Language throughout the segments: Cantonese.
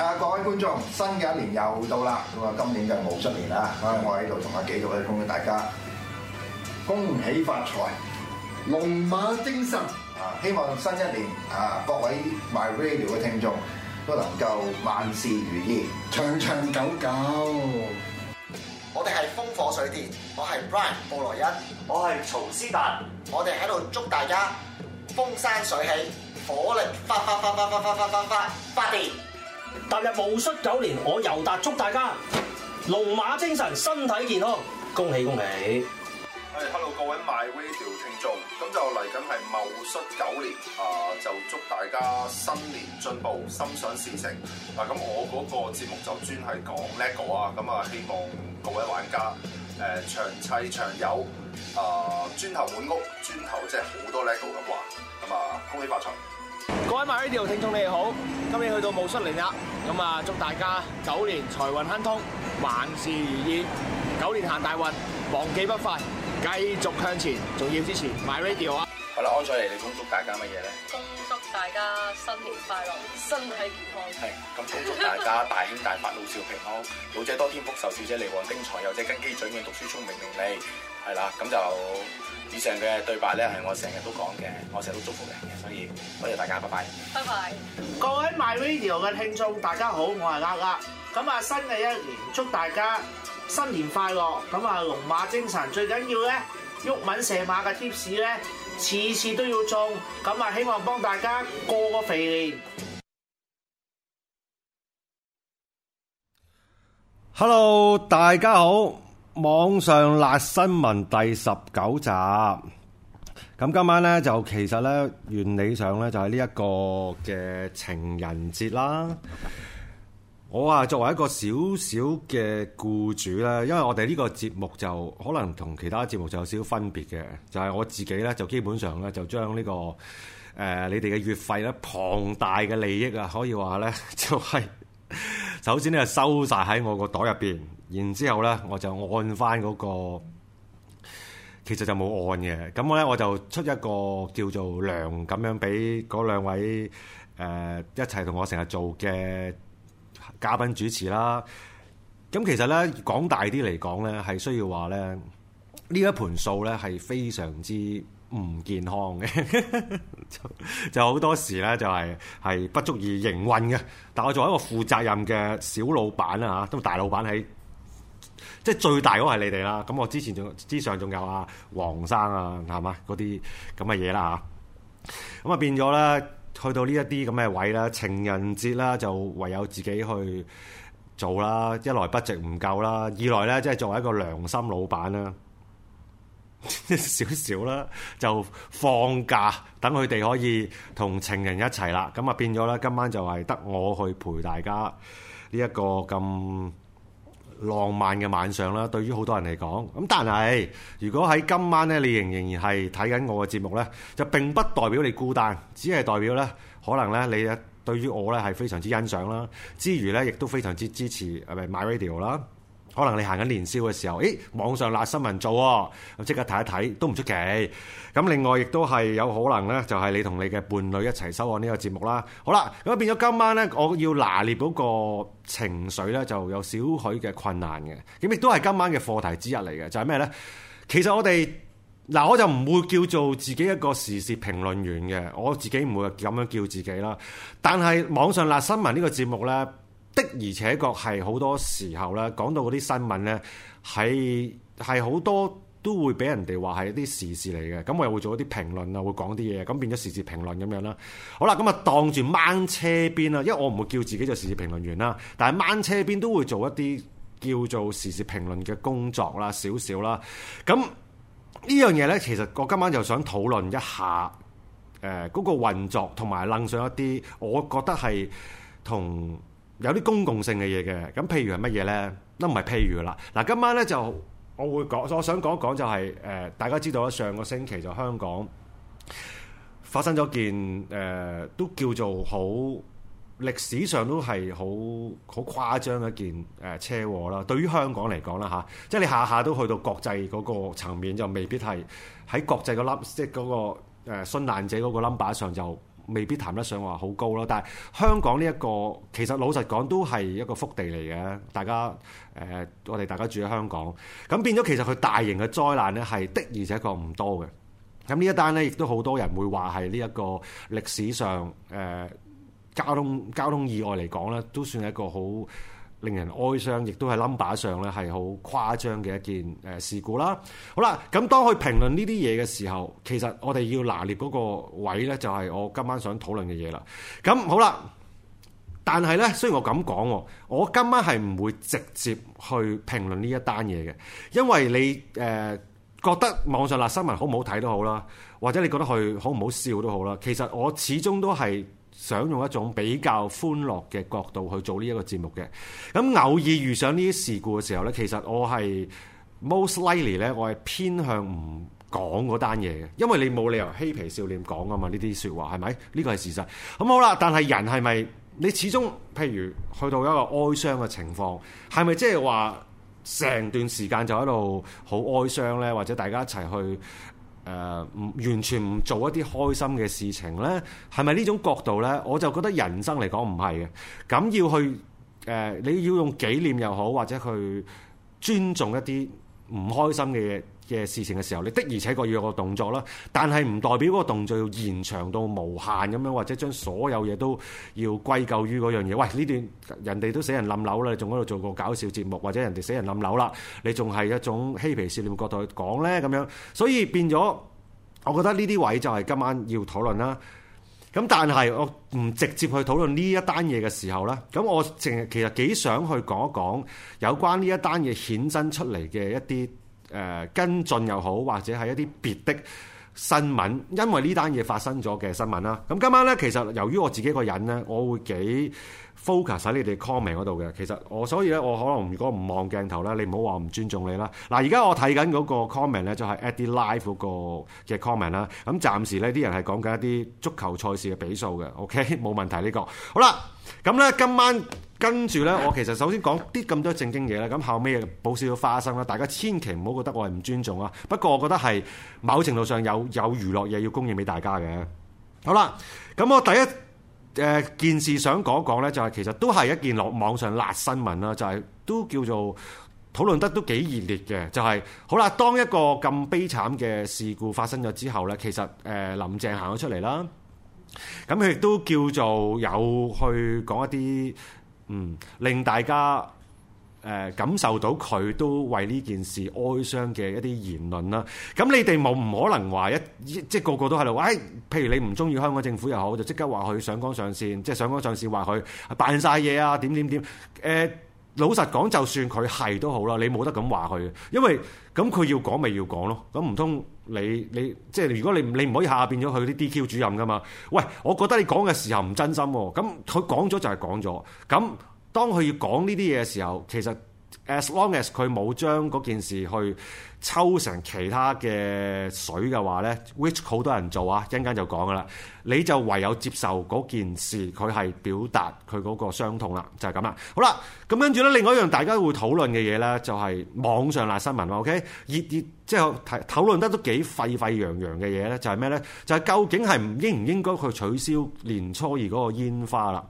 啊各位觀眾，新嘅一年又到啦！咁啊，今年就冇出年啦。我喺度同阿幾度去恭喜大家，恭喜發財，龍馬精神啊！希望新一年啊，各位 My Radio 嘅聽眾都能夠萬事如意，長長久久。我哋係風火水電，我係 Brian 布萊恩，我係曹思達，我哋喺度祝大家風生水起，火力發發發發發發發發發發發發電！踏入戊戌九年，我尤達祝大家龍馬精神，身體健康，恭喜恭喜！係 Hello，各位 My Radio 聽眾，咁就嚟緊係戊戌九年啊、呃，就祝大家新年進步，心想事成。嗱、啊，咁我嗰個節目就專係講 LEGO 啊，咁啊希望各位玩家，誒長砌長有啊，磚頭滿屋，磚頭即係好多 LEGO 咁話，咁啊恭喜發財！各位 my radio 聽眾，你哋好，今年去到武書靈戊戌年啦，咁啊祝大家狗年財運亨通，萬事如意，狗年行大運，忘記不快，繼續向前，仲要支持 my radio 啊！好啦，安彩麗，你恭祝大家乜嘢咧？恭祝大家新年快樂，身體健康。係咁，恭祝大家大興大發，老少平安，老者多添福壽，少者嚟旺丁財，又者根基准嘅讀書聰明伶俐。係啦，咁就。以上嘅對白咧，係我成日都講嘅，我成日都祝福人嘅，所以歡迎大家，拜拜，拜拜！各位 My Radio 嘅聽眾，大家好，我係 Addie，咁啊新嘅一年，祝大家新年快樂！咁啊龍馬精神最緊要咧，鬱文射馬嘅 tips 咧，次次都要中，咁啊希望幫大家過個肥年。Hello，大家好。網上辣新聞第十九集，咁今晚呢，就其實咧，原理上呢，就係呢一個嘅情人節啦。我啊作為一個少少嘅僱主呢，因為我哋呢個節目就可能同其他節目就有少少分別嘅，就係、是、我自己呢，就基本上呢、這個，就將呢個誒你哋嘅月費呢，龐大嘅利益啊，可以話呢、就是，就係。首先咧，收晒喺我個袋入邊，然之後咧，我就按翻、那、嗰個，其實就冇按嘅。咁我咧，我就出一個叫做亮咁樣俾嗰兩位誒、呃、一齊同我成日做嘅嘉賓主持啦。咁其實咧，講大啲嚟講咧，係需要話咧，呢一盤數咧係非常之。唔健康嘅， 就好多時咧，就係、係、係不足以營運嘅。但我作為一個負責任嘅小老闆啦嚇，都、啊啊、大老闆喺，即係最大嗰個係你哋啦。咁我之前仲之上仲有啊黃生啊，係嘛，嗰啲咁嘅嘢啦嚇。咁啊變咗咧，去到呢一啲咁嘅位咧，情人節啦，就唯有自己去做啦。一來不值唔夠啦，二來咧，即係作為一個良心老闆啦。少少 啦，就放假，等佢哋可以同情人一齊啦。咁啊變咗啦，今晚就係得我去陪大家呢一個咁浪漫嘅晚上啦。對於好多人嚟講，咁但係如果喺今晚呢，你仍仍然係睇緊我嘅節目呢，就並不代表你孤單，只係代表呢可能呢，你對於我呢係非常之欣賞啦，之餘呢，亦都非常之支持，係咪 My Radio 啦？可能你行緊年宵嘅時候，誒網上辣新聞做、啊，咁即刻睇一睇都唔出奇。咁另外亦都係有可能呢，就係你同你嘅伴侶一齊收看呢個節目啦。好啦，咁變咗今晚呢，我要拿捏嗰個情緒呢，就有少許嘅困難嘅。咁亦都係今晚嘅課題之一嚟嘅，就係、是、咩呢？其實我哋嗱，我就唔會叫做自己一個時事評論員嘅，我自己唔會咁樣叫自己啦。但係網上辣新聞呢個節目呢。的而且確係好多時候咧，講到嗰啲新聞咧，係係好多都會俾人哋話係一啲時事嚟嘅。咁我又會做一啲評論啊，會講啲嘢，咁變咗時事評論咁樣啦。好啦，咁啊當住掹車邊啦，因為我唔會叫自己做時事評論員啦，但係掹車邊都會做一啲叫做時事評論嘅工作啦，少少啦。咁呢樣嘢咧，其實我今晚就想討論一下，誒嗰個運作同埋掟上一啲，我覺得係同。有啲公共性嘅嘢嘅，咁譬如係乜嘢呢？都唔係譬如啦。嗱，今晚呢就我會講，我想講一講就係、是、誒、呃，大家知道啦。上個星期就香港發生咗件誒、呃，都叫做好歷史上都係好好誇張一件誒、呃、車禍啦。對於香港嚟講啦嚇、啊，即係你下下都去到國際嗰個層面，就未必係喺國際嗰、那、冧、個、即係、那、嗰個殉難者嗰個 number 上就。未必談得上話好高咯，但係香港呢、這、一個其實老實講都係一個福地嚟嘅，大家誒、呃、我哋大家住喺香港，咁變咗其實佢大型嘅災難呢係的而且確唔多嘅，咁呢一單呢，亦都好多人會話係呢一個歷史上誒、呃、交通交通意外嚟講呢，都算係一個好。令人哀傷，亦都係 number 上咧係好誇張嘅一件誒事故啦。好啦，咁當佢評論呢啲嘢嘅時候，其實我哋要拿捏嗰個位咧，就係我今晚想討論嘅嘢啦。咁好啦，但係咧，雖然我咁講，我今晚係唔會直接去評論呢一單嘢嘅，因為你誒、呃、覺得網上辣辛聞好唔好睇都好啦，或者你覺得佢好唔好笑都好啦，其實我始終都係。想用一種比較歡樂嘅角度去做呢一個節目嘅，咁偶爾遇上呢啲事故嘅時候呢，其實我係 most likely 呢我係偏向唔講嗰單嘢嘅，因為你冇理由嬉皮笑臉講啊嘛，呢啲説話係咪？呢個係事實。咁好啦，但係人係咪？你始終譬如去到一個哀傷嘅情況，係咪即係話成段時間就喺度好哀傷呢，或者大家一齊去？誒唔、呃、完全唔做一啲開心嘅事情咧，係咪呢種角度咧？我就覺得人生嚟講唔係嘅，咁要去誒、呃，你要用紀念又好，或者去尊重一啲唔開心嘅嘢嘅事情嘅時候，你的而且確要有個動作啦。但係唔代表嗰個動作要延長到無限咁樣，或者將所有嘢都要歸咎於嗰樣嘢。喂，呢段人哋都死人冧樓啦，仲喺度做個搞笑節目，或者人哋死人冧樓啦，你仲係一種嬉皮笑臉角度去講呢咁樣。所以變咗，我覺得呢啲位就係今晚要討論啦。咁但係我唔直接去討論呢一單嘢嘅時候呢，咁我淨係其實幾想去講一講有關呢一單嘢衍生出嚟嘅一啲。誒、呃、跟進又好，或者係一啲別的新聞，因為呢單嘢發生咗嘅新聞啦。咁今晚呢，其實由於我自己個人呢，我會幾 focus 喺你哋 comment 嗰度嘅。其實我所以呢，我可能如果唔望鏡頭呢，你唔好話唔尊重你啦。嗱，而家我睇緊嗰個 comment 呢，就係 at 啲 l i f e 嗰個嘅 comment 啦。咁暫時呢啲人係講緊一啲足球賽事嘅比數嘅。OK，冇問題呢、這個。好啦，咁呢，今晚。跟住呢，我其實首先講啲咁多正經嘢咧，咁後尾，補少少花生啦，大家千祈唔好覺得我係唔尊重啊。不過我覺得係某程度上有有娛樂嘢要供應俾大家嘅。好啦，咁我第一件事想講講呢，就係、是、其實都係一件落網上辣新聞啦，就係、是、都叫做討論得都幾熱烈嘅。就係、是、好啦，當一個咁悲慘嘅事故發生咗之後呢，其實誒林鄭行咗出嚟啦，咁佢亦都叫做有去講一啲。嗯，令大家誒、呃、感受到佢都為呢件事哀傷嘅一啲言論啦。咁你哋冇唔可能話一,一即係個個都喺度話，誒、哎，譬如你唔中意香港政府又好，就即刻話佢上綱上線，即係上綱上線話佢扮晒嘢啊，點點點，誒。呃老實講，就算佢係都好啦，你冇得咁話佢嘅，因為咁佢要講咪要講咯，咁唔通你你即係如果你你唔可以下變咗佢啲 DQ 主任噶嘛？喂，我覺得你講嘅時候唔真心喎，咁佢講咗就係講咗，咁當佢要講呢啲嘢嘅時候，其實。As long as 佢冇將嗰件事去抽成其他嘅水嘅話呢，Which 好多人做啊，陣間就講噶啦，你就唯有接受嗰件事佢係表達佢嗰個傷痛啦，就係咁啦。好啦，咁跟住呢，另外一樣大家會討論嘅嘢呢，就係、是、網上辣新聞 OK，熱熱即係討論得都幾沸沸揚揚嘅嘢呢，就係咩呢？就係究竟係唔應唔應該去取消年初二嗰個煙花啦？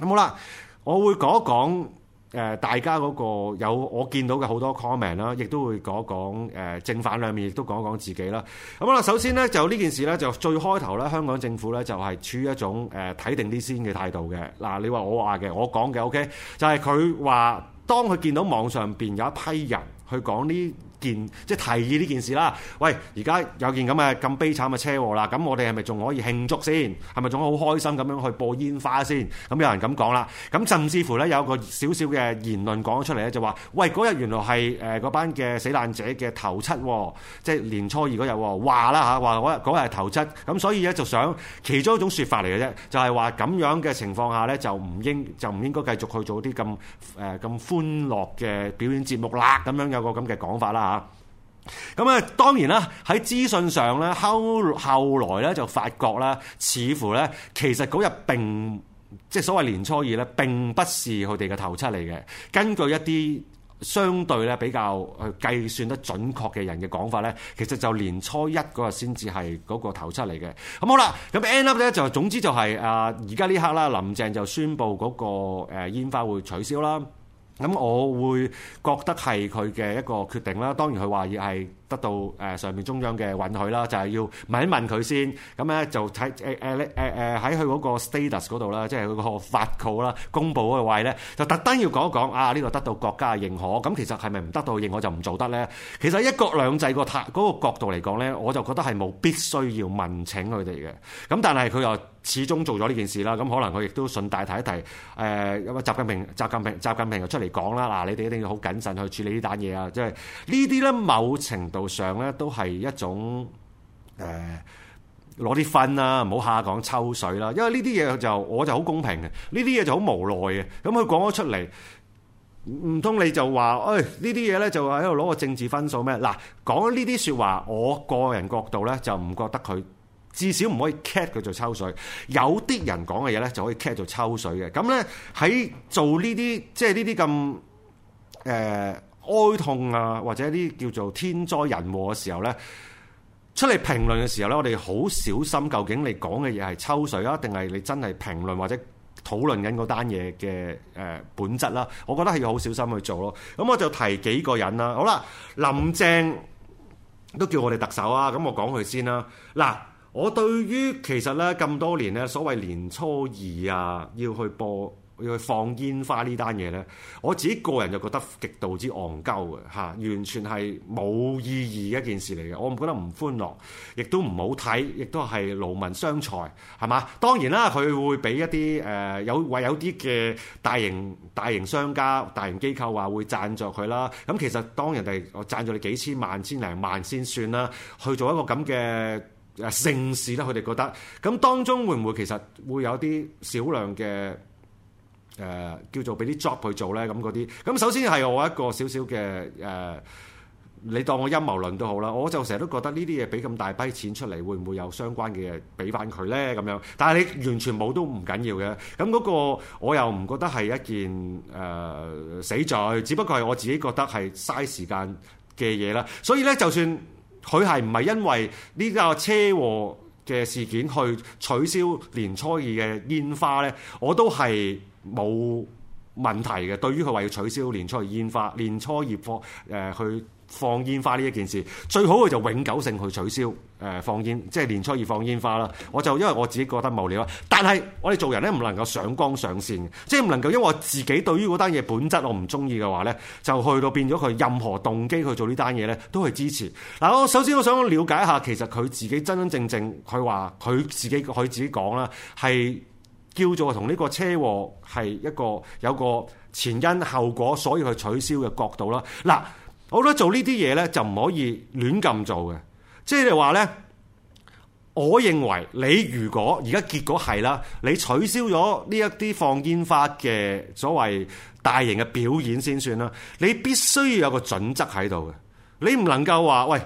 咁好啦，我會講一講。誒、呃、大家嗰、那個有我見到嘅好多 comment 啦，亦都會講一講誒正反兩面，亦都講一講自己啦。咁、嗯、啊，首先呢，就呢件事呢，就最開頭呢，香港政府呢，就係、是、處於一種誒睇定啲先嘅態度嘅。嗱、啊，你話我話嘅，我講嘅 OK，就係佢話當佢見到網上邊有一批人去講呢。件即係提議呢件事啦。喂，而家有件咁嘅咁悲慘嘅車禍啦，咁我哋係咪仲可以慶祝先？係咪仲可以好開心咁樣去播煙花先？咁有人咁講啦。咁甚至乎咧，有個少少嘅言論講咗出嚟咧，就話，喂，嗰日原來係誒嗰班嘅死難者嘅頭七，即係年初二嗰日，話啦嚇，話嗰日嗰日係頭七。咁所以咧就想其中一種説法嚟嘅啫，就係話咁樣嘅情況下咧，就唔應就唔應該繼續去做啲咁誒咁歡樂嘅表演節目啦。咁樣有個咁嘅講法啦。啊，咁啊，當然啦，喺資訊上咧，後後來咧就發覺咧，似乎咧其實嗰日並即係所謂年初二咧，並不是佢哋嘅頭七嚟嘅。根據一啲相對咧比較去計算得準確嘅人嘅講法咧，其實就年初一嗰日先至係嗰個頭七嚟嘅。咁好啦，咁 end up 咧就總之就係啊，而家呢刻啦，林鄭就宣布嗰個誒煙花會取消啦。咁我會覺得係佢嘅一個決定啦。當然，佢話要係，得到誒上面中央嘅允許啦，就係要問一問佢先。咁咧就睇誒誒誒誒喺佢嗰個 status 嗰度啦，即係佢個法規啦、公佈嘅位咧，就特登要講一講。啊，呢個得到國家嘅認可，咁其實係咪唔得到認可就唔做得咧？其實一國兩制個塔嗰個角度嚟講咧，我就覺得係冇必須要問請佢哋嘅。咁但係佢又始終做咗呢件事啦。咁可能佢亦都順帶提一提誒，咁啊習近平、習近平、習近平又出嚟講啦。嗱，你哋一定要好謹慎去處理呢單嘢啊！即係呢啲咧，某程度。上咧都係一種誒攞啲分啦，唔好下講抽水啦。因為呢啲嘢就我就好公平嘅，呢啲嘢就好無奈嘅。咁佢講咗出嚟，唔通你就話誒呢啲嘢咧就喺度攞個政治分數咩？嗱，講咗呢啲説話，我個人角度咧就唔覺得佢至少唔可以 catch 佢做抽水。有啲人講嘅嘢咧就可以 catch 做抽水嘅。咁咧喺做呢啲即係呢啲咁誒。哀痛啊，或者啲叫做天災人禍嘅時候呢，出嚟評論嘅時候呢，我哋好小心，究竟你講嘅嘢係抽水啊，定係你真係評論或者討論緊嗰單嘢嘅誒本質啦？我覺得係要好小心去做咯。咁我就提幾個人啦。好啦，林鄭都叫我哋特首啊，咁我講佢先啦。嗱，我對於其實呢咁多年呢，所謂年初二啊，要去播，要去放煙花呢單嘢咧，我自己個人就覺得極度之戇鳩嘅嚇，完全係冇意義嘅一件事嚟嘅。我唔覺得唔歡樂，亦都唔好睇，亦都係勞民傷財，係嘛？當然啦，佢會俾一啲誒、呃、有為有啲嘅大型大型商家、大型機構話會贊助佢啦。咁其實當人哋我贊助你幾千萬、千零萬先算啦，去做一個咁嘅盛事啦。佢哋覺得咁當中會唔會其實會有啲少量嘅？誒、呃、叫做俾啲 job 去做呢，咁嗰啲，咁首先係我一個少少嘅誒，你當我陰謀論都好啦，我就成日都覺得呢啲嘢俾咁大批錢出嚟，會唔會有相關嘅嘢俾翻佢呢？咁樣，但係你完全冇都唔緊要嘅，咁嗰個我又唔覺得係一件誒、呃、死罪，只不過係我自己覺得係嘥時間嘅嘢啦。所以呢，就算佢係唔係因為呢架車禍嘅事件去取消年初二嘅煙花呢，我都係。冇問題嘅，對於佢話要取消年初二煙花、年初二放誒、呃、去放煙花呢一件事，最好佢就永久性去取消誒、呃、放煙，即係年初二放煙花啦。我就因為我自己覺得無聊啊，但係我哋做人咧，唔能夠上綱上線，即係唔能夠因為我自己對於嗰單嘢本質我唔中意嘅話咧，就去到變咗佢任何動機去做呢單嘢咧都去支持。嗱，我首先我想了解一下，其實佢自己真真正正佢話佢自己佢自己講啦，係。叫做同呢個車禍係一個有個前因後果，所以去取消嘅角度啦。嗱，我覺得做呢啲嘢咧就唔可以亂咁做嘅，即係你話咧，我認為你如果而家結果係啦，你取消咗呢一啲放煙花嘅所謂大型嘅表演先算啦，你必須要有個準則喺度嘅，你唔能夠話喂。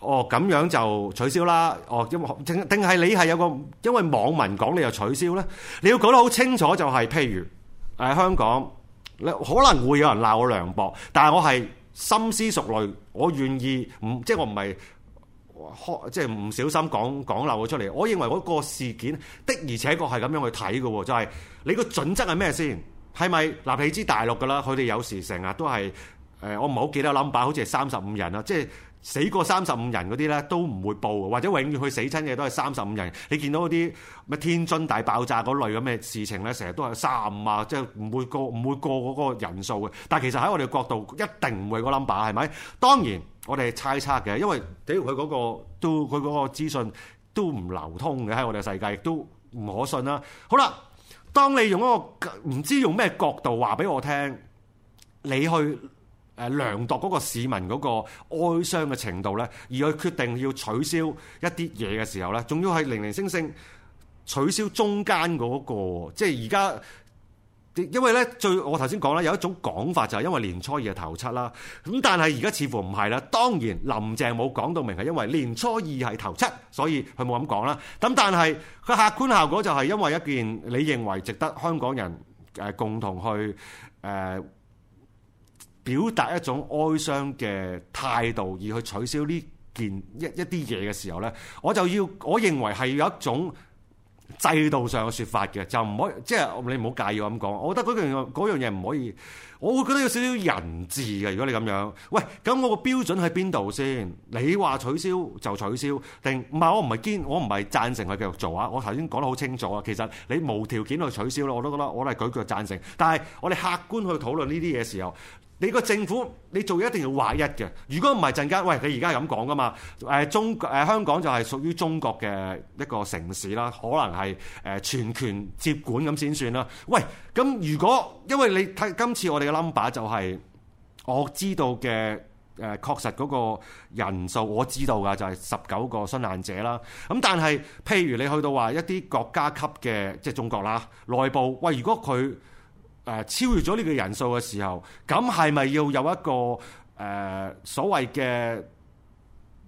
哦，咁樣就取消啦。哦，因為定定係你係有個，因為網民講你又取消咧。你要講得好清楚，就係，就係譬如喺、呃、香港，你可能會有人鬧我涼薄，但係我係深思熟慮，我願意唔即係我唔係，即係唔小心講講漏咗出嚟。我認為嗰個事件的而且確係咁樣去睇嘅，就係、係、你個準則係咩先？係咪立起支大陸噶啦？佢哋有時成日都係誒、呃，我唔好記得 number，好似係三十五人啦，即係。死過三十五人嗰啲咧，都唔會報，或者永遠去死親嘅都係三十五人。你見到嗰啲咩天津大爆炸嗰類咁嘅事情咧，成日都係三啊，即係唔會過唔會過嗰個人數嘅。但係其實喺我哋角度，一定唔會個 number 係咪？當然我哋係猜測嘅，因為屌佢嗰個都佢嗰個資訊都唔流通嘅喺我哋世界，亦都唔可信啦。好啦，當你用一個唔知用咩角度話俾我聽，你去。誒量度嗰個市民嗰個哀傷嘅程度呢，而去決定要取消一啲嘢嘅時候呢，仲要係零零星星取消中間嗰個，即係而家，因為呢最我頭先講啦，有一種講法就係因為年初二係頭七啦，咁但係而家似乎唔係啦。當然林鄭冇講到明係因為年初二係頭七，所以佢冇咁講啦。咁但係佢客觀效果就係因為一件你認為值得香港人誒共同去誒，表達一種哀傷嘅態度而去取消呢件一一啲嘢嘅時候咧，我就要，我認為係有一種制度上嘅説法嘅，就唔可以，即係你唔好介意我咁講。我覺得嗰樣嘢唔可以，我覺得有少少人治嘅。如果你咁樣，喂，咁我個標準喺邊度先？你話取消就取消，定唔係？我唔係堅，我唔係贊成去繼續做啊！我頭先講得好清楚啊，其實你無條件去取消咧，我都覺得我係舉腳贊成。但係我哋客觀去討論呢啲嘢嘅時候。你個政府你做嘢一定要劃一嘅，如果唔係陣間，喂，你而家咁講噶嘛？誒中誒、呃、香港就係屬於中國嘅一個城市啦，可能係誒、呃、全權接管咁先算啦。喂，咁如果因為你睇今次我哋嘅 number 就係我知道嘅誒、呃，確實嗰個人數我知道㗎，就係十九個殉難者啦。咁但係譬如你去到話一啲國家級嘅即係中國啦內部，喂，如果佢誒超越咗呢個人數嘅時候，咁係咪要有一個誒、呃、所謂嘅誒、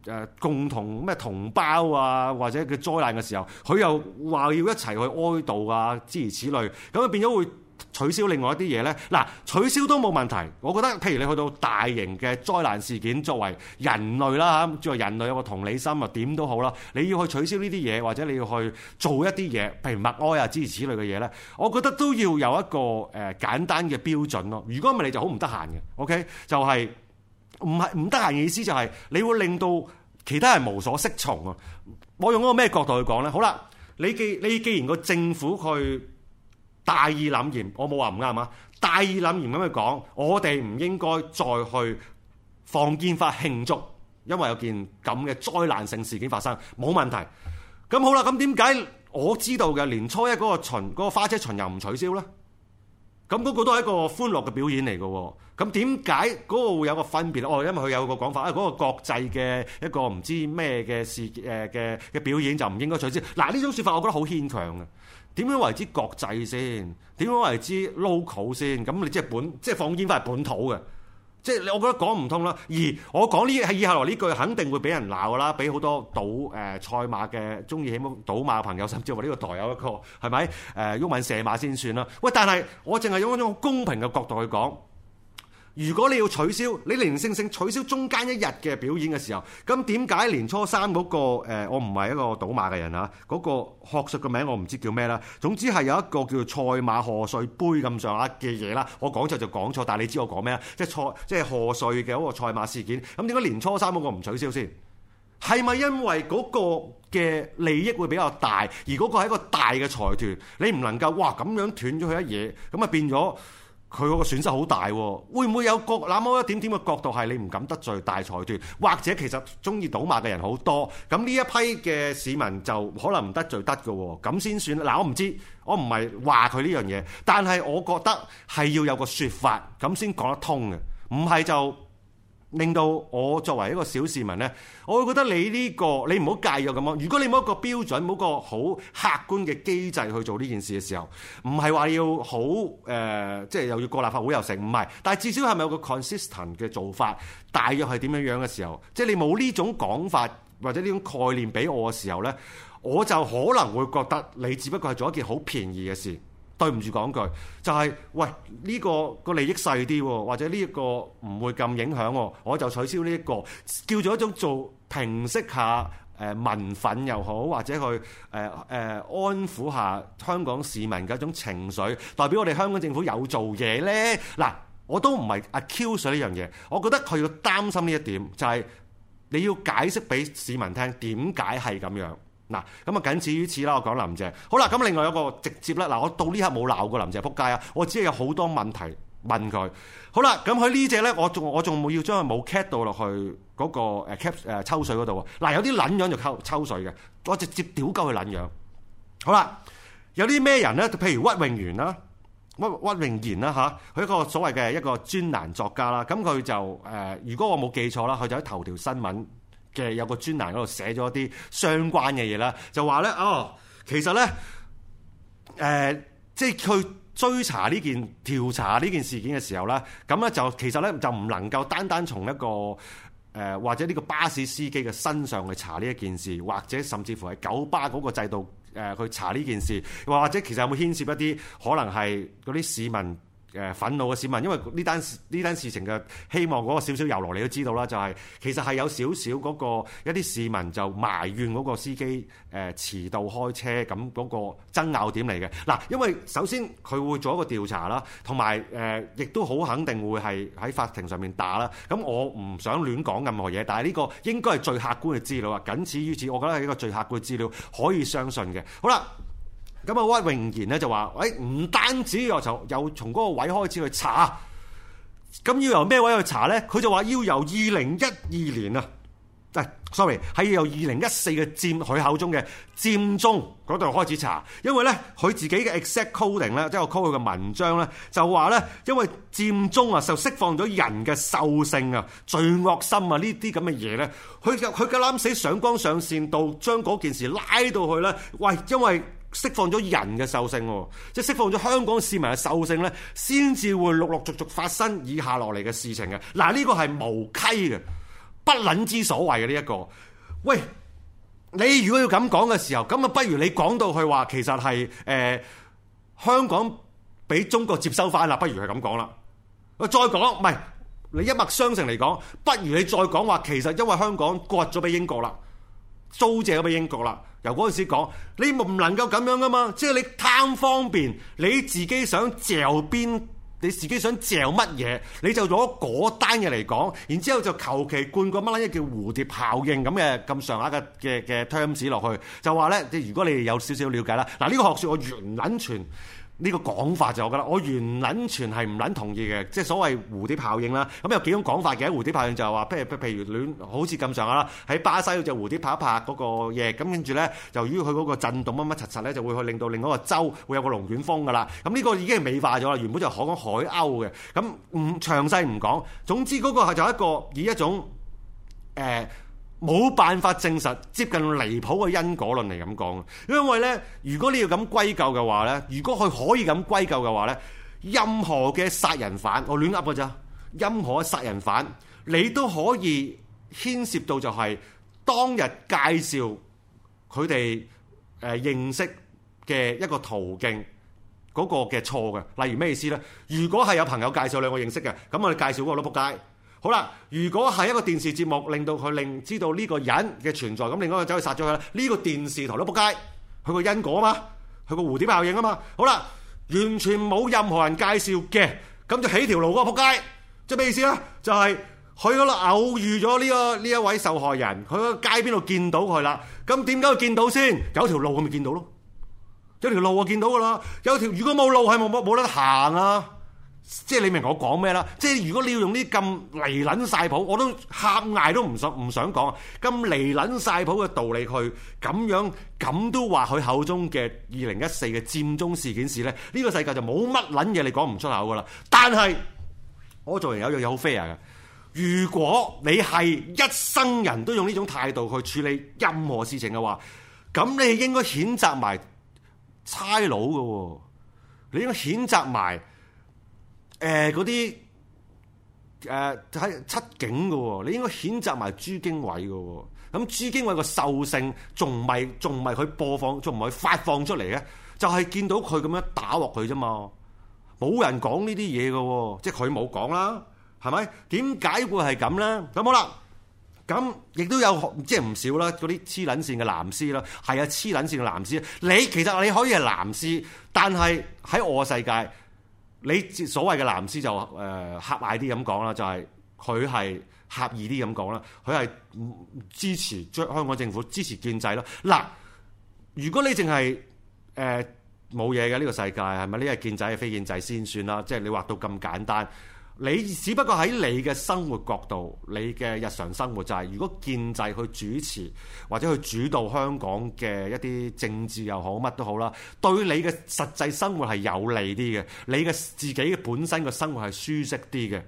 呃、共同咩同胞啊，或者嘅災難嘅時候，佢又話要一齊去哀悼啊，諸如此類，咁變咗會取消另外一啲嘢呢？嗱，取消都冇問題。我覺得，譬如你去到大型嘅災難事件，作為人類啦，作為人類有個同理心啊，點都好啦。你要去取消呢啲嘢，或者你要去做一啲嘢，譬如默哀啊、諸如此類嘅嘢呢，我覺得都要有一個誒簡單嘅標準咯。如果唔係你就好唔得閒嘅。OK，就係唔係唔得閒嘅意思就係你會令到其他人無所適從啊！我用一個咩角度去講呢？好啦，你既你既然個政府去。大義凜然，我冇話唔啱啊！大義凜然咁去講，我哋唔應該再去放煙花慶祝，因為有件咁嘅災難性事件發生，冇問題。咁好啦，咁點解我知道嘅年初一嗰個巡嗰、那個、花車巡遊唔取消咧？咁、那、嗰個都係一個歡樂嘅表演嚟嘅喎。咁點解嗰個會有個分別咧？哦，因為佢有個講法啊，嗰、那個國際嘅一個唔知咩嘅事誒嘅嘅表演就唔應該取消嗱。呢種説法我覺得好牽強嘅。點樣為之國際先？點樣為之 local 先？咁你即係本，即係放煙花係本土嘅，即係我覺得講唔通啦。而我講呢係以下來呢句，肯定會俾人鬧㗎啦，俾好多賭誒賽馬嘅鍾意，起碼賭馬朋友甚至乎呢個台有一個係咪？誒郁文射馬先算啦。喂，但係我淨係用一種好公平嘅角度去講。如果你要取消，你零零星星取消中間一日嘅表演嘅時候，咁點解年初三嗰、那個、呃、我唔係一個賭馬嘅人啊，嗰、那個賀歲嘅名我唔知叫咩啦，總之係有一個叫做賽馬賀歲杯咁上下嘅嘢啦。我講錯就講錯，但係你知我講咩，即係賽即係賀歲嘅嗰個賽馬事件。咁點解年初三嗰個唔取消先？係咪因為嗰個嘅利益會比較大，而嗰個係一個大嘅財團，你唔能夠哇咁樣斷咗佢一嘢？咁啊變咗，佢嗰個損失好大，會唔會有個那麼一點點嘅角度係你唔敢得罪大財團，或者其實鍾意賭馬嘅人好多，咁呢一批嘅市民就可能唔得罪得㗎，咁先算。嗱，我唔知，我唔係話佢呢樣嘢，但係我覺得係要有個説法，咁先講得通嘅，唔係就。令到我作為一個小市民呢，我會覺得你呢個你唔好介意咁樣。如果你冇一個標準，冇一個好客觀嘅機制去做呢件事嘅時候，唔係話要好誒、呃，即係又要過立法會又成，唔係。但係至少係咪有個 consistent 嘅做法，大約係點樣樣嘅時候？即係你冇呢種講法或者呢種概念俾我嘅時候呢，我就可能會覺得你只不過係做一件好便宜嘅事。對唔住，講句就係、是，喂呢個、這個利益細啲，或者呢一個唔會咁影響，我就取消呢、這、一個，叫做一種做平息下誒、呃、民憤又好，或者去誒誒、呃呃、安撫下香港市民嘅一種情緒，代表我哋香港政府有做嘢咧。嗱，我都唔係阿 Q 水呢樣嘢，我覺得佢要擔心呢一點，就係、是、你要解釋俾市民聽點解係咁樣。嗱，咁啊，僅止於此啦！我講林鄭，好啦，咁另外一個直接咧，嗱，我到呢刻冇鬧過林鄭，撲街啊！我只係有好多問題問佢。好啦，咁佢呢隻咧，我仲我仲冇要將佢冇 cat 到落去嗰個 cap 誒、呃、抽水嗰度喎。嗱，有啲撚樣就抽抽水嘅，我直接屌鳩佢撚樣。好啦，有啲咩人咧？譬如屈穎妍啦，屈屈穎妍啦嚇，佢、啊、一個所謂嘅一個專欄作家啦，咁佢就誒、呃，如果我冇記錯啦，佢就喺頭條新聞。嘅有個專欄嗰度寫咗一啲相關嘅嘢啦，就話咧哦，其實咧誒、呃，即係去追查呢件調查呢件事件嘅時候啦，咁咧就其實咧就唔能夠單單從一個誒、呃、或者呢個巴士司機嘅身上去查呢一件事，或者甚至乎係九巴嗰個制度誒去查呢件事，或或者其實有冇牽涉一啲可能係嗰啲市民？誒憤怒嘅市民，因為呢單呢單事情嘅希望嗰個少少由來你都知道啦，就係、是、其實係有少少嗰個一啲市民就埋怨嗰個司機誒遲到開車，咁、那、嗰個爭拗點嚟嘅。嗱，因為首先佢會做一個調查啦，同埋誒亦都好肯定會係喺法庭上面打啦。咁我唔想亂講任何嘢，但係呢個應該係最客觀嘅資料啊。僅此於此，我覺得係一個最客觀嘅資料可以相信嘅。好啦。咁啊，屈榮賢咧就話，喂、哎，唔單止由從由從嗰個位開始去查，咁要由咩位去查咧？佢就話要由二零一二年啊，啊，sorry，係要由二零一四嘅佔佢口中嘅佔中嗰度開始查，因為咧佢自己嘅 exact coding 咧，即係我 call 佢嘅文章咧，就話咧，因為佔中啊，就釋放咗人嘅獸性啊，最惡心啊呢啲咁嘅嘢咧，佢佢夠膽死上綱上線度，將嗰件事拉到去咧，喂、哎，因為。釋放咗人嘅獸性，即係釋放咗香港市民嘅獸性呢，先至會陸陸續續發生以下落嚟嘅事情嘅。嗱，呢個係無稽嘅，不撚之所謂嘅呢一個。喂，你如果要咁講嘅時候，咁啊不如你講到去話，其實係誒、呃、香港俾中國接收翻啦，不如係咁講啦。我再講，唔係你一脈相承嚟講，不如你再講話，其實因為香港割咗俾英國啦。租借俾英國啦，由嗰陣時講，你唔能夠咁樣噶嘛，即係你貪方便，你自己想嚼邊，你自己想嚼乜嘢，你就攞嗰單嘢嚟講，然之後就求其灌個乜撚嘢叫蝴蝶效應咁嘅咁上下嘅嘅嘅 terms 落去，就話咧，即如果你哋有少少了解啦，嗱、這、呢個學說我完全，全。呢個講法就我覺得，我完全係唔撚同意嘅。即係所謂蝴蝶效應啦。咁有幾種講法嘅蝴蝶效應就係話，譬如譬如，譬如好似咁上下啦，喺巴西嗰隻蝴蝶拍一拍嗰個嘢，咁跟住咧，由於佢嗰個震動乜乜柒柒咧，就會去令到另一個州會有個龍捲風噶啦。咁呢個已經係美化咗啦，原本就可講海鷗嘅。咁唔詳細唔講。總之嗰個係就一個以一種誒，呃冇辦法證實接近離譜嘅因果論嚟咁講，因為咧，如果你要咁歸咎嘅話咧，如果佢可以咁歸咎嘅話咧，任何嘅殺人犯，我亂噏嘅咋？任何殺人犯，你都可以牽涉到就係當日介紹佢哋誒認識嘅一個途徑嗰個嘅錯嘅。例如咩意思咧？如果係有朋友介紹兩個認識嘅，咁我哋介紹嗰個都仆街。好啦，如果係一個電視節目令到佢令知道呢個人嘅存在，咁另外一個走去殺咗佢啦，呢個電視台都仆街。佢個因果啊嘛，佢個蝴蝶效應啊嘛。好啦，完全冇任何人介紹嘅，咁就起條路嗰個仆街，即係咩意思咧？就係佢嗰度偶遇咗呢個呢一位受害人，佢喺街邊度見到佢啦。咁點解佢見到先？有條路我咪見到咯，有條路我見到噶啦。有條如果冇路係冇冇冇得行啊？即係你明我講咩啦？即係如果你要用呢咁離撚晒譜，我都喊嗌都唔想唔想講。咁離撚晒譜嘅道理去咁樣咁都話佢口中嘅二零一四嘅佔中事件事咧，呢、這個世界就冇乜撚嘢你講唔出口噶啦。但係我做人有樣嘢好 fair 嘅，如果你係一生人都用呢種態度去處理任何事情嘅話，咁你應該譴責埋差佬嘅喎，你應該譴責埋。誒嗰啲誒喺七警嘅喎，你應該譴責埋朱經緯嘅喎。咁朱經緯個獸性仲咪仲唔係佢播放，仲唔係佢發放出嚟嘅？就係見到佢咁樣打落去啫嘛，冇人講呢啲嘢嘅喎，即係佢冇講啦，係咪？點解會係咁咧？咁好啦，咁亦都有即係唔少啦，嗰啲黐撚線嘅藍絲啦，係啊，黐撚線嘅藍絲。你其實你可以係藍絲，但係喺我世界。你所謂嘅藍絲就誒狹隘啲咁講啦，就係佢係狹義啲咁講啦，佢係支持將香港政府支持建制咯。嗱，如果你淨係誒冇嘢嘅呢個世界係咪？呢個建制係，非建制先算啦。即係你畫到咁簡單。你只不過喺你嘅生活角度，你嘅日常生活就係，如果建制去主持或者去主導香港嘅一啲政治又好，乜都好啦，對你嘅實際生活係有利啲嘅，你嘅自己嘅本身嘅生活係舒適啲嘅，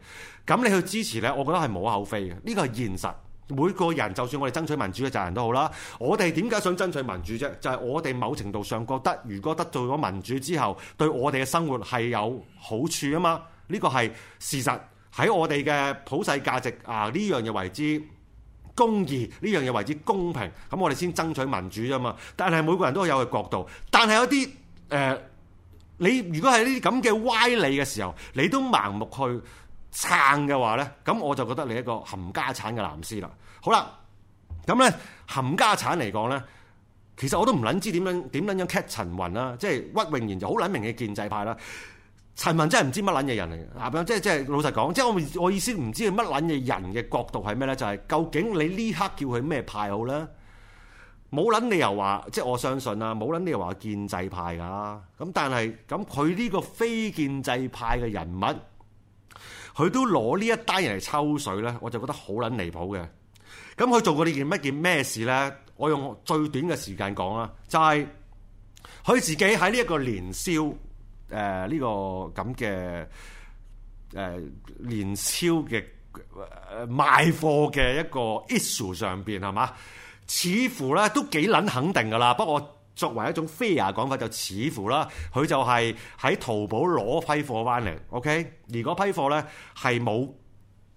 咁你去支持呢，我覺得係無可厚非嘅。呢個係現實，每個人就算我哋爭取民主嘅責任都好啦，我哋點解想爭取民主啫？就係我哋某程度上覺得，如果得到咗民主之後，對我哋嘅生活係有好處啊嘛。呢個係事實，喺我哋嘅普世價值啊！呢樣嘢為之公義，呢樣嘢為之公平，咁我哋先爭取民主啫嘛。但係每個人都有佢角度，但係有啲誒、呃，你如果係呢啲咁嘅歪理嘅時候，你都盲目去撐嘅話咧，咁我就覺得你一個冚家產嘅藍絲啦。好啦，咁咧冚家產嚟講咧，其實我都唔撚知點樣點撚樣 cut 陳雲啦，即係屈穎妍就好撚明嘅建制派啦。陳文真係唔知乜撚嘢人嚟嘅，嗱，即係即係老實講，即係我我意思唔知乜撚嘢人嘅角度係咩咧？就係、是、究竟你呢刻叫佢咩派好咧？冇撚理由話，即係我相信啊，冇撚理由話建制派噶，咁但係咁佢呢個非建制派嘅人物，佢都攞呢一單人嚟抽水咧，我就覺得好撚離譜嘅。咁佢做過件呢件乜件咩事咧？我用最短嘅時間講啦，就係、是、佢自己喺呢一個年宵。誒呢、呃這個咁嘅誒年宵嘅賣、呃、貨嘅一個 issue 上邊係嘛？似乎咧都幾撚肯定㗎啦。不過作為一種 fair 講法，就似乎啦，佢就係喺淘寶攞批貨翻嚟。OK，而嗰批貨咧係冇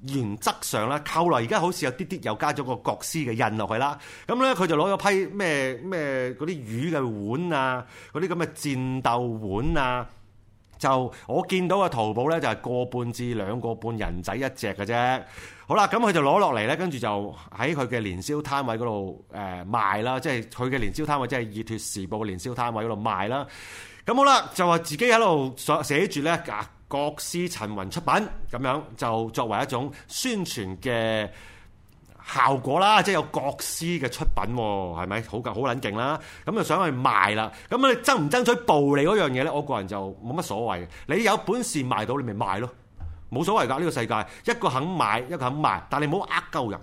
原則上咧扣落。而家好似有啲啲又加咗個國師嘅印落去啦。咁咧佢就攞咗批咩咩嗰啲魚嘅碗啊，嗰啲咁嘅戰鬥碗啊。就我見到嘅淘寶呢，就係個半至兩個半人仔一隻嘅啫。好啦，咁佢就攞落嚟咧，跟住就喺佢嘅年宵攤位嗰度誒賣啦，即係佢嘅年宵攤位，即係《熱脱時報》嘅年宵攤位嗰度賣啦。咁好啦，就話自己喺度寫住咧，國師陳雲出品咁樣，就作為一種宣傳嘅。效果啦，即係有國師嘅出品喎，係咪好夠好撚勁啦？咁就想去賣啦。咁你爭唔爭取暴利嗰樣嘢咧？我個人就冇乜所謂嘅。你有本事賣到你咪賣咯，冇所謂㗎。呢個世界一個肯買一個肯賣，但係你唔好呃鳩人。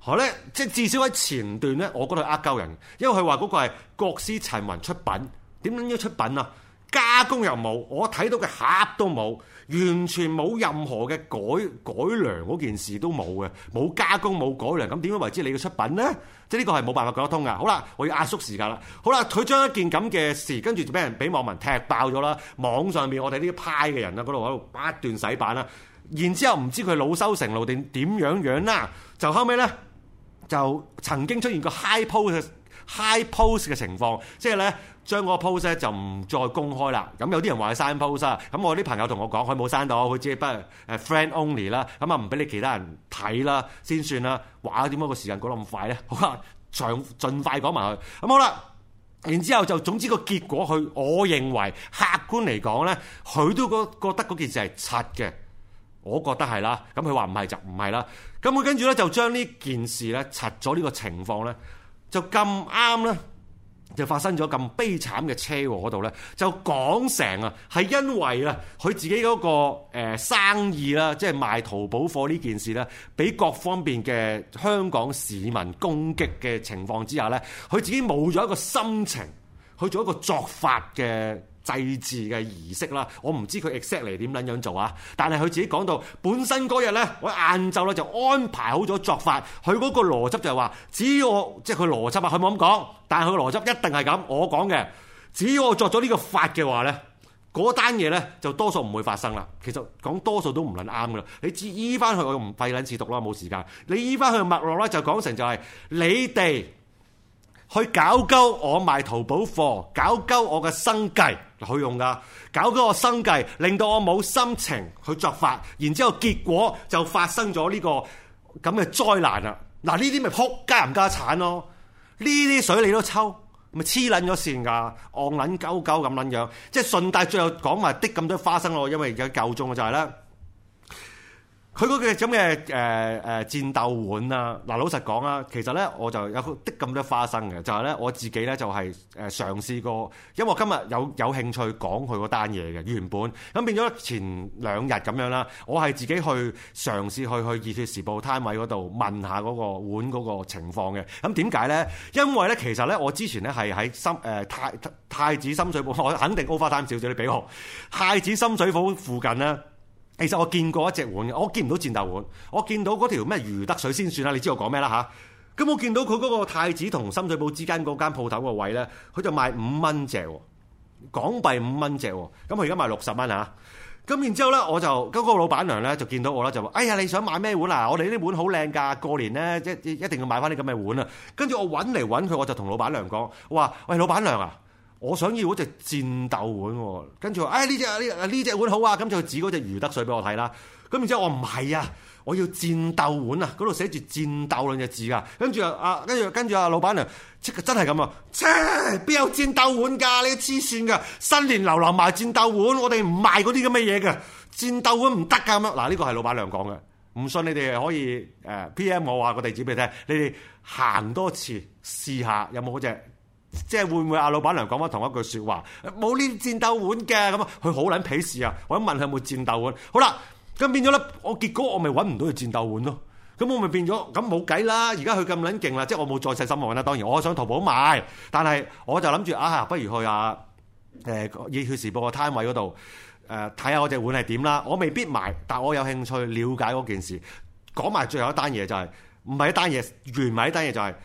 好咧？即係至少喺前段咧，我覺得呃鳩人，因為佢話嗰個係國師陳雲出品，點樣要出品啊？加工又冇，我睇到嘅盒都冇，完全冇任何嘅改改良，件事都冇嘅，冇加工冇改良，咁點樣為之你嘅出品呢？即係呢個係冇辦法講得通噶。好啦，我要壓縮時間啦。好啦，佢將一件咁嘅事，跟住就俾人俾網民踢爆咗啦。網上面我哋呢啲派嘅人啦，嗰度喺度不斷洗版啦。然之後唔知佢老羞成怒定點樣樣啦，就後尾呢，就曾經出現過 high post。High post 嘅情況，即係咧將個 post 咧就唔再公開啦。咁有啲人話佢刪 post 啦，咁我啲朋友同我講佢冇刪到，佢只 only, 不過 friend only 啦，咁啊唔俾你其他人睇啦先算啦。話點解個時間講得咁快咧？好啦，盡盡快講埋佢。咁好啦，然之後就總之個結果，佢我認為客觀嚟講咧，佢都覺得嗰件事係柒嘅。我覺得係啦。咁佢話唔係就唔係啦。咁佢跟住咧就將呢件事咧柒咗呢個情況咧，就咁啱咧，就發生咗咁悲慘嘅車禍嗰度咧，就講成啊，係因為啊，佢自己嗰個誒生意啦，即係賣淘寶貨呢件事咧，俾各方面嘅香港市民攻擊嘅情況之下咧，佢自己冇咗一個心情去做一個作法嘅細緻嘅儀式啦，我唔知佢 exactly 點撚樣做啊，但係佢自己講到本身嗰日咧，我晏晝咧就安排好咗作法。佢嗰個邏輯就係話，只要我即係佢邏輯啊，佢冇咁講，但係佢嘅邏輯一定係咁。我講嘅，只要我作咗呢個法嘅話咧，嗰單嘢咧就多數唔會發生啦。其實講多數都唔能啱噶啦，你依翻去我唔費撚次讀啦，冇時間。你依翻去脈絡咧就講成就係、是、你哋。去搞鳩我賣淘寶貨，搞鳩我嘅生計，好用噶，搞鳩我生計，令到我冇心情去作法，然之後結果就發生咗呢、呢個咁嘅災難啦。嗱呢啲咪撲家唔家產咯，呢啲水你都抽，咪黐撚咗線噶，戇撚鳩鳩咁撚樣，即係順帶最後講埋啲咁多花生咯，因為而家夠鐘就係、係、咧。佢嗰個咁嘅誒誒戰鬥碗啊！嗱，老實講啊，其實咧我就有啲咁多花生嘅，就係、是、咧我自己咧就係誒嘗試過，因為我今日有有興趣講佢嗰單嘢嘅原本，咁變咗前兩日咁樣啦，我係自己去嘗試去去熱血時報攤位嗰度問下嗰個碗嗰個情況嘅。咁點解咧？因為咧其實咧我之前咧係喺深誒太，太子深水埗，我肯定 over time 少少，你俾我太子深水埗附近咧。其實我見過一隻碗，我見唔到戰鬥碗，我見到嗰條咩魚得水先算啦。你知道我講咩啦嚇？咁我見到佢嗰個太子同深水埗之間嗰間鋪頭個位咧，佢就賣五蚊隻，港幣五蚊隻。咁佢而家賣六十蚊嚇。咁然之後咧，我就跟嗰個老闆娘咧就見到我啦，就話：哎呀，你想買咩碗啊？我哋呢啲碗好靚噶，過年咧即一定要買翻啲咁嘅碗啊！跟住我揾嚟揾佢，我就同老闆娘講，我話：喂，老闆娘啊！我想要嗰隻戰鬥碗，跟住話：哎呢隻呢隻碗好啊！咁就指嗰隻餘德水俾我睇啦。咁然之後我，唔係啊，我要戰鬥碗啊！嗰度寫住戰鬥兩隻字㗎。跟住啊，跟住跟住啊，老闆娘即係真係咁啊！切，邊有戰鬥碗㗎？你個黐線㗎！新年流流埋戰鬥碗，我哋唔賣嗰啲咁嘅嘢㗎，戰鬥碗唔得㗎。咁啊，嗱，呢個係老闆娘講嘅，唔信你哋可以誒 PM 我話個地址俾你聽，你哋行多次試下有冇嗰隻。即係會唔會阿老闆娘講翻同一句說話？冇呢啲戰鬥碗嘅。咁啊，佢好捻鄙視啊！我一問佢有冇戰鬥碗？好啦，咁變咗咧，我結果我咪揾唔到佢戰鬥碗咯。咁我咪變咗咁冇計啦！而家佢咁捻勁啦，即係我冇再細心望啦。當然，我想淘寶買，但係我就諗住啊，不如去下誒熱血時報個攤位嗰度誒睇下我隻碗係點啦。我未必買，但我有興趣了解嗰件事。講埋最後一單嘢就係唔係一單嘢，完美一單嘢就係、是、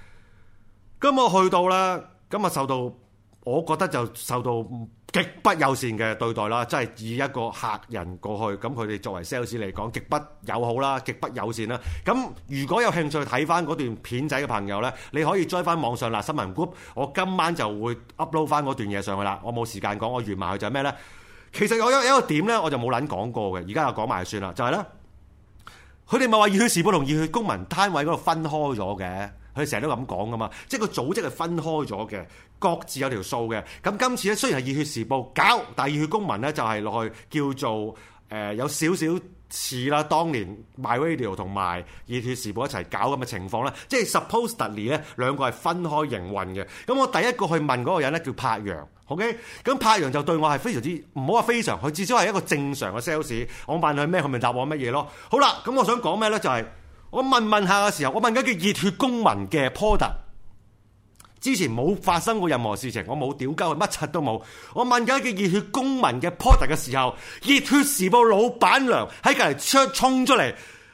咁我去到咧。咁啊，受到我覺得就受到極不友善嘅對待啦，即係以一個客人過去，咁佢哋作為 sales 嚟講，極不友好啦，極不友善啦。咁如果有興趣睇翻嗰段片仔嘅朋友呢，你可以追 o 翻網上辣辛聞 group，我今晚就會 upload 翻嗰段嘢上去啦。我冇時間講，我完埋佢就係咩呢？其實我有有一個點呢，我就冇撚講過嘅，而家就講埋算啦，就係、是、呢。佢哋咪話熱血時報同熱血公民攤位嗰度分開咗嘅。佢成日都咁講噶嘛，即係個組織係分開咗嘅，各自有條數嘅。咁今次咧雖然係熱血時報搞，但係熱血公民咧就係落去叫做誒、呃、有少少似啦，當年 MyRadio 同埋熱血時報一齊搞咁嘅情況啦。即係 supposedly 咧，兩個係分開營運嘅。咁我第一個去問嗰個人咧叫柏陽，OK？咁柏陽就對我係非常之唔好話非常，佢至少係一個正常嘅 sales，我問佢咩，佢咪答我乜嘢咯。好啦，咁我想講咩咧？就係、是。我問問下嘅時候，我問緊個熱血公民嘅 porter，之前冇發生過任何事情，我冇屌鳩，乜柒都冇。我問緊個熱血公民嘅 porter 嘅時候，熱血時報老闆娘喺隔離出衝出嚟，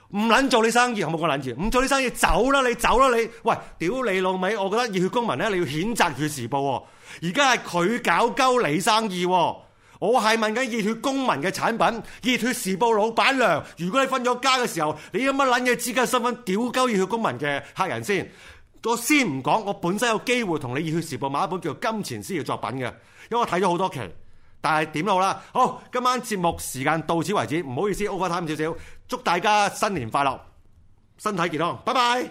唔撚做你生意，好唔好？唔做你生意，走啦你走啦你，喂，屌你老味！我覺得熱血公民咧，你要譴責熱血時報喎、啊，而家係佢搞鳩你生意喎、啊。我係問緊熱血公民嘅產品，熱血時報老闆娘，如果你分咗家嘅時候，你有乜撚嘢資格身份屌鳩熱血公民嘅客人先？我先唔講，我本身有機會同你熱血時報買一本叫做《金錢先鋒》作品嘅，因為我睇咗好多期。但係點都好啦，好，今晚節目時間到此為止，唔好意思，over time 少少，祝大家新年快樂，身體健康，拜拜。